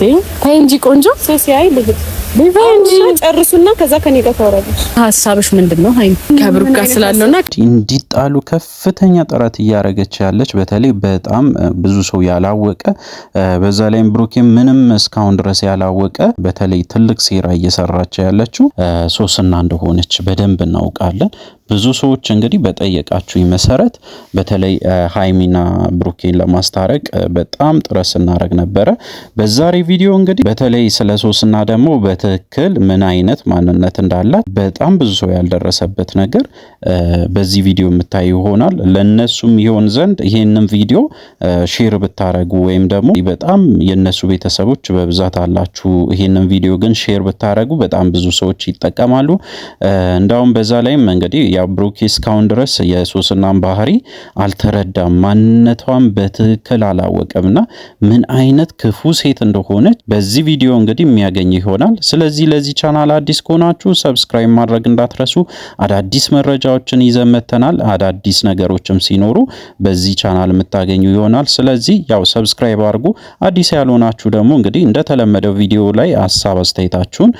ተይ እንጂ ቆንጆ ሶሲ። አይ ልሂድ ጨርሱና ከዛ ከኔ ጋር ታወራለች። ሀሳብሽ ምንድን ነው? ሀይ ከብሩክ ጋር ስላለውና እንዲጣሉ ከፍተኛ ጥረት እያደረገች ያለች በተለይ በጣም ብዙ ሰው ያላወቀ በዛ ላይም ብሩኬ ምንም እስካሁን ድረስ ያላወቀ በተለይ ትልቅ ሴራ እየሰራች ያለችው ሶስና እንደሆነች በደንብ እናውቃለን። ብዙ ሰዎች እንግዲህ በጠየቃችሁኝ መሰረት በተለይ ሀይሚና ብሩኬን ለማስታረቅ በጣም ጥረት ስናደረግ ነበረ። በዛሬ ቪዲዮ እንግዲህ በተለይ ስለ ሶስና ደግሞ በትክክል ምን አይነት ማንነት እንዳላት በጣም ብዙ ሰው ያልደረሰበት ነገር በዚህ ቪዲዮ የምታይ ይሆናል። ለእነሱም ይሆን ዘንድ ይህንም ቪዲዮ ሼር ብታረጉ ወይም ደግሞ በጣም የእነሱ ቤተሰቦች በብዛት አላችሁ፣ ይህንም ቪዲዮ ግን ሼር ብታረጉ በጣም ብዙ ሰዎች ይጠቀማሉ። እንዳውም በዛ ላይም እንግዲህ ያ እስካሁን ድረስ የሶስናን ባህሪ አልተረዳም፣ ማንነቷን በትክክል አላወቀምና ምን አይነት ክፉ ሴት እንደሆነች በዚህ ቪዲዮ እንግዲህ የሚያገኝ ይሆናል። ስለዚህ ለዚህ ቻናል አዲስ ከሆናችሁ ሰብስክራይብ ማድረግ እንዳትረሱ። አዳዲስ መረጃዎችን ይዘን መጥተናል። አዳዲስ ነገሮችም ሲኖሩ በዚህ ቻናል የምታገኙ ይሆናል። ስለዚህ ያው ሰብስክራይብ አድርጉ። አዲስ ያልሆናችሁ ደግሞ እንግዲህ እንደተለመደው ቪዲዮ ላይ ሀሳብ አስተያየታችሁን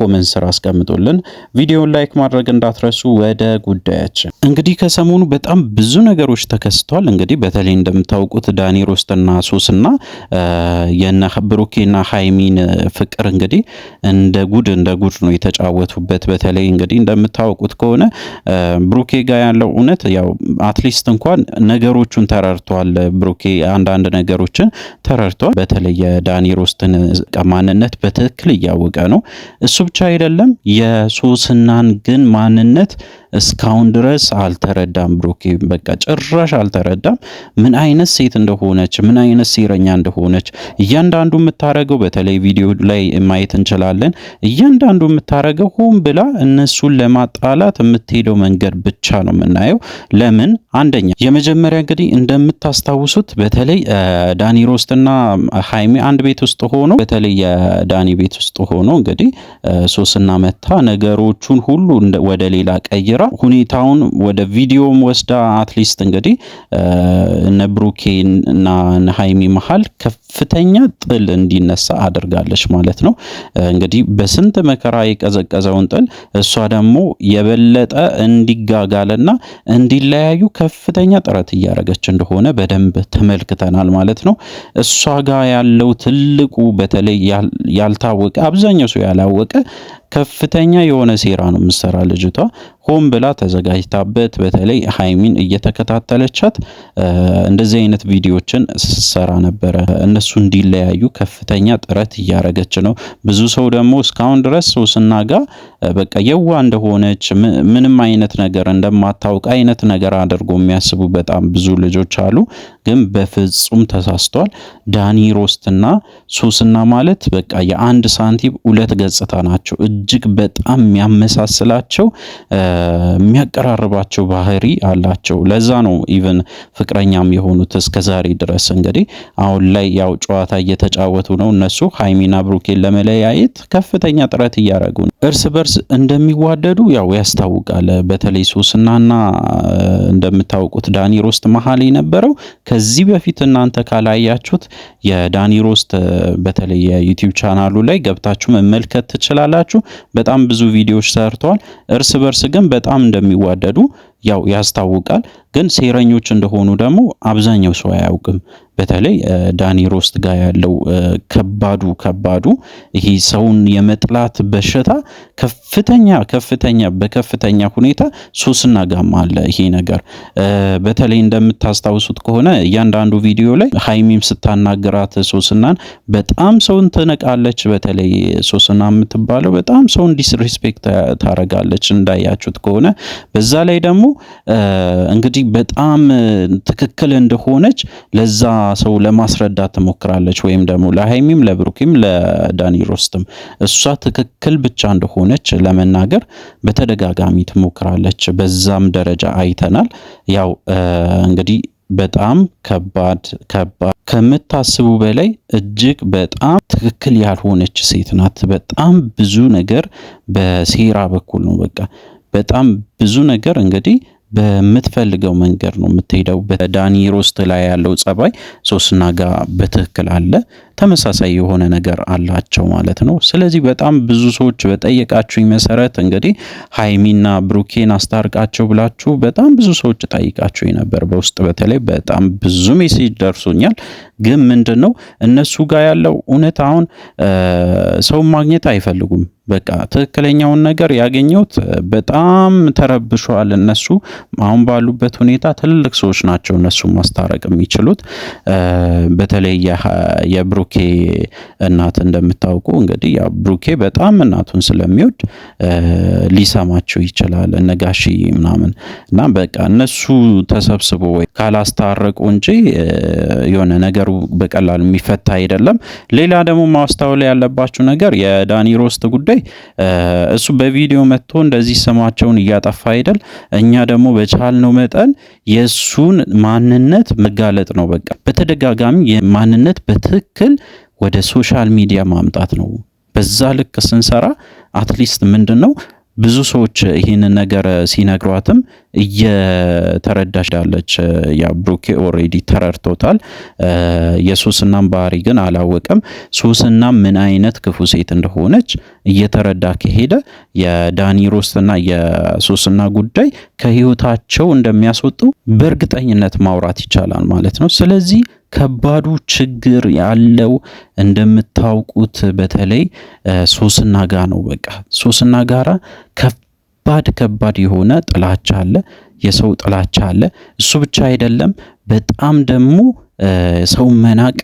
ኮመንት ስር አስቀምጡልን። ቪዲዮን ላይክ ማድረግ እንዳትረሱ። ወደ ጉዳያችን እንግዲህ ከሰሞኑ በጣም ብዙ ነገሮች ተከስተዋል። እንግዲህ በተለይ እንደምታውቁት ዳኒ ሮስትና ሶስና የነ ብሩኬና ሀይሚን ፍቅር እንግዲህ እንደ ጉድ እንደ ጉድ ነው የተጫወቱበት። በተለይ እንግዲህ እንደምታውቁት ከሆነ ብሩኬ ጋር ያለው እውነት ያው አትሊስት እንኳን ነገሮቹን ተረድተዋል። ብሩኬ አንዳንድ ነገሮችን ተረድተዋል። በተለይ የዳኒ ሮስትን ማንነት በትክክል እያወቀ ነው። እሱ ብቻ አይደለም የሶስናን ግን ማንነት እስካሁን ድረስ አልተረዳም። ብሩኬ በቃ ጭራሽ አልተረዳም፣ ምን አይነት ሴት እንደሆነች፣ ምን አይነት ሴረኛ እንደሆነች እያንዳንዱ የምታረገው በተለይ ቪዲዮ ላይ ማየት እንችላለን። እያንዳንዱ የምታረገው ሆን ብላ እነሱን ለማጣላት የምትሄደው መንገድ ብቻ ነው የምናየው። ለምን አንደኛ የመጀመሪያ እንግዲህ እንደምታስታውሱት በተለይ ዳኒ ሮስትና ሀይሚ አንድ ቤት ውስጥ ሆኖ በተለይ የዳኒ ቤት ውስጥ ሆኖ እንግዲህ ሶስና መታ ነገሮቹን ሁሉ ወደ ሌላ ቀይራ ጀምራ ሁኔታውን ወደ ቪዲዮም ወስዳ አትሊስት እንግዲህ እነ ብሩኬ እና ሀይሚ መሀል ከፍተኛ ጥል እንዲነሳ አድርጋለች ማለት ነው። እንግዲህ በስንት መከራ የቀዘቀዘውን ጥል እሷ ደግሞ የበለጠ እንዲጋጋልና እንዲለያዩ ከፍተኛ ጥረት እያደረገች እንደሆነ በደንብ ተመልክተናል ማለት ነው። እሷ ጋር ያለው ትልቁ በተለይ ያልታወቀ አብዛኛው ሰው ያላወቀ ከፍተኛ የሆነ ሴራ ነው የምትሰራ ልጅቷ። ሆን ብላ ተዘጋጅታበት፣ በተለይ ሀይሚን እየተከታተለቻት እንደዚህ አይነት ቪዲዮችን ስትሰራ ነበረ። እነሱ እንዲለያዩ ከፍተኛ ጥረት እያደረገች ነው። ብዙ ሰው ደግሞ እስካሁን ድረስ ሶስና ጋር በቃ የዋ እንደሆነች ምንም አይነት ነገር እንደማታውቅ አይነት ነገር አድርጎ የሚያስቡ በጣም ብዙ ልጆች አሉ። ግን በፍጹም ተሳስቷል። ዳኒ ሮስትና ሱስና ማለት በቃ የአንድ ሳንቲም ሁለት ገጽታ ናቸው። እጅግ በጣም የሚያመሳስላቸው የሚያቀራርባቸው ባህሪ አላቸው። ለዛ ነው ኢቨን ፍቅረኛም የሆኑት እስከዛሬ ድረስ። እንግዲህ አሁን ላይ ያው ጨዋታ እየተጫወቱ ነው እነሱ ሀይሚና ብሩኬን ለመለያየት ከፍተኛ ጥረት እያደረጉ ነው እርስ በርስ እንደሚዋደዱ ያው ያስታውቃል። በተለይ ሶስናና እንደምታውቁት ዳኒ ሮስት መሀል የነበረው ከዚህ በፊት እናንተ ካላያችሁት የዳኒ ሮስት በተለይ የዩቲዩብ ቻናሉ ላይ ገብታችሁ መመልከት ትችላላችሁ። በጣም ብዙ ቪዲዮዎች ሰርተዋል። እርስ በርስ ግን በጣም እንደሚዋደዱ ያው ያስታውቃል። ግን ሴረኞች እንደሆኑ ደግሞ አብዛኛው ሰው አያውቅም። በተለይ ዳኒ ሮስት ጋር ያለው ከባዱ ከባዱ ይሄ ሰውን የመጥላት በሽታ ከፍተኛ ከፍተኛ በከፍተኛ ሁኔታ ሱስና ጋም አለ ይሄ ነገር። በተለይ እንደምታስታውሱት ከሆነ እያንዳንዱ ቪዲዮ ላይ ሀይሚም ስታናግራት ሱስናን በጣም ሰውን ትንቃለች። በተለይ ሱስና የምትባለው በጣም ሰውን ዲስሪስፔክት ታረጋለች፣ እንዳያችሁት ከሆነ በዛ ላይ ደግሞ እንግዲህ ስለዚህ በጣም ትክክል እንደሆነች ለዛ ሰው ለማስረዳት ትሞክራለች። ወይም ደግሞ ለሀይሚም ለብሩኪም ለዳኒ ሮስትም እሷ ትክክል ብቻ እንደሆነች ለመናገር በተደጋጋሚ ትሞክራለች። በዛም ደረጃ አይተናል። ያው እንግዲህ በጣም ከባድ ከባድ ከምታስቡ በላይ እጅግ በጣም ትክክል ያልሆነች ሴት ናት። በጣም ብዙ ነገር በሴራ በኩል ነው በቃ በጣም ብዙ ነገር እንግዲህ በምትፈልገው መንገድ ነው የምትሄደው። ዳኒ ሮስት ላይ ያለው ጸባይ ሶስና ጋር በትክክል አለ። ተመሳሳይ የሆነ ነገር አላቸው ማለት ነው። ስለዚህ በጣም ብዙ ሰዎች በጠየቃችሁኝ መሰረት እንግዲህ ሀይሚና ብሩኬን አስታርቃቸው ብላችሁ በጣም ብዙ ሰዎች ጠይቃችሁ ነበር። በውስጥ በተለይ በጣም ብዙ ሜሴጅ ደርሶኛል። ግን ምንድን ነው እነሱ ጋር ያለው እውነት አሁን ሰውን ማግኘት አይፈልጉም። በቃ ትክክለኛውን ነገር ያገኘሁት በጣም ተረብሸዋል። እነሱ አሁን ባሉበት ሁኔታ ትልልቅ ሰዎች ናቸው እነሱ ማስታረቅ የሚችሉት በተለይ የብሩ የብሩኬ እናት እንደምታውቁ እንግዲህ ያ ብሩኬ በጣም እናቱን ስለሚወድ ሊሰማቸው ይችላል ነጋሺ ምናምን እና በቃ እነሱ ተሰብስቦ ወይ ካላስታረቁ እንጂ የሆነ ነገሩ በቀላሉ የሚፈታ አይደለም። ሌላ ደግሞ ማስተዋል ያለባችሁ ነገር የዳኒ ሮስት ጉዳይ እሱ በቪዲዮ መጥቶ እንደዚህ ስማቸውን እያጠፋ አይደል። እኛ ደግሞ በቻልነው መጠን የእሱን ማንነት መጋለጥ ነው። በቃ በተደጋጋሚ ማንነት በትክክል ራሳችንን ወደ ሶሻል ሚዲያ ማምጣት ነው። በዛ ልክ ስንሰራ አትሊስት ምንድን ነው ብዙ ሰዎች ይህንን ነገር ሲነግሯትም እየተረዳሽ ዳለች። ያ ብሩኬ ኦሬዲ ተረድቶታል። የሱስናም ባህሪ ግን አላወቀም። ሱስናም ምን አይነት ክፉ ሴት እንደሆነች እየተረዳ ከሄደ የዳኒ ሮስትና የሱስና ጉዳይ ከህይወታቸው እንደሚያስወጡ በእርግጠኝነት ማውራት ይቻላል ማለት ነው። ስለዚህ ከባዱ ችግር ያለው እንደምታውቁት በተለይ ሶስና ጋ ነው። በቃ ሶስና ጋራ ከባድ ከባድ የሆነ ጥላቻ አለ፣ የሰው ጥላቻ አለ። እሱ ብቻ አይደለም፣ በጣም ደግሞ ሰው መናቅ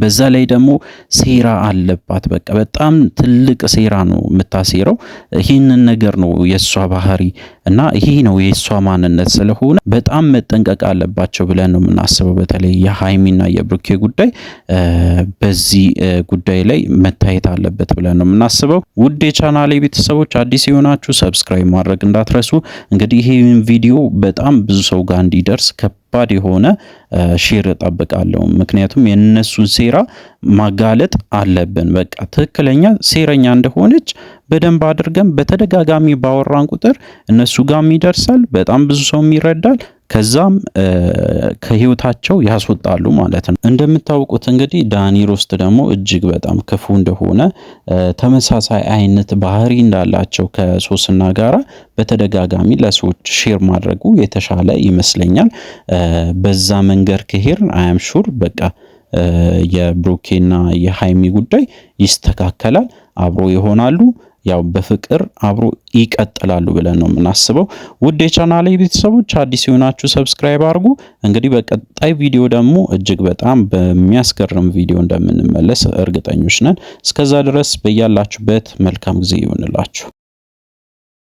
በዛ ላይ ደግሞ ሴራ አለባት። በቃ በጣም ትልቅ ሴራ ነው የምታሴረው። ይህንን ነገር ነው የእሷ ባህሪ እና ይሄ ነው የእሷ ማንነት ስለሆነ በጣም መጠንቀቅ አለባቸው ብለን ነው የምናስበው። በተለይ የሀይሚና የብሩኬ ጉዳይ በዚህ ጉዳይ ላይ መታየት አለበት ብለን ነው የምናስበው። ውድ የቻናሌ ቤተሰቦች አዲስ የሆናችሁ ሰብስክራይብ ማድረግ እንዳትረሱ። እንግዲህ ይህን ቪዲዮ በጣም ብዙ ሰው ጋር እንዲደርስ ከባድ የሆነ ሼር እጠብቃለሁ። ምክንያቱም የእነሱን ሴራ ማጋለጥ አለብን። በቃ ትክክለኛ ሴረኛ እንደሆነች በደንብ አድርገን በተደጋጋሚ ባወራን ቁጥር እነሱ ጋም ይደርሳል። በጣም ብዙ ሰውም ይረዳል። ከዛም ከህይወታቸው ያስወጣሉ ማለት ነው። እንደምታውቁት እንግዲህ ዳኒ ሮስት ደግሞ እጅግ በጣም ክፉ እንደሆነ ተመሳሳይ አይነት ባህሪ እንዳላቸው ከሶስና ጋራ በተደጋጋሚ ለሰዎች ሼር ማድረጉ የተሻለ ይመስለኛል። በዛ መንገድ ከሄር አያም ሹር በቃ የብሩኬና የሃይሚ ጉዳይ ይስተካከላል፣ አብሮ ይሆናሉ። ያው በፍቅር አብሮ ይቀጥላሉ ብለን ነው የምናስበው። ውድ የቻናሌ ቤተሰቦች አዲስ የሆናችሁ ሰብስክራይብ አድርጉ። እንግዲህ በቀጣይ ቪዲዮ ደግሞ እጅግ በጣም በሚያስገርም ቪዲዮ እንደምንመለስ እርግጠኞች ነን። እስከዛ ድረስ በያላችሁበት መልካም ጊዜ ይሆንላችሁ።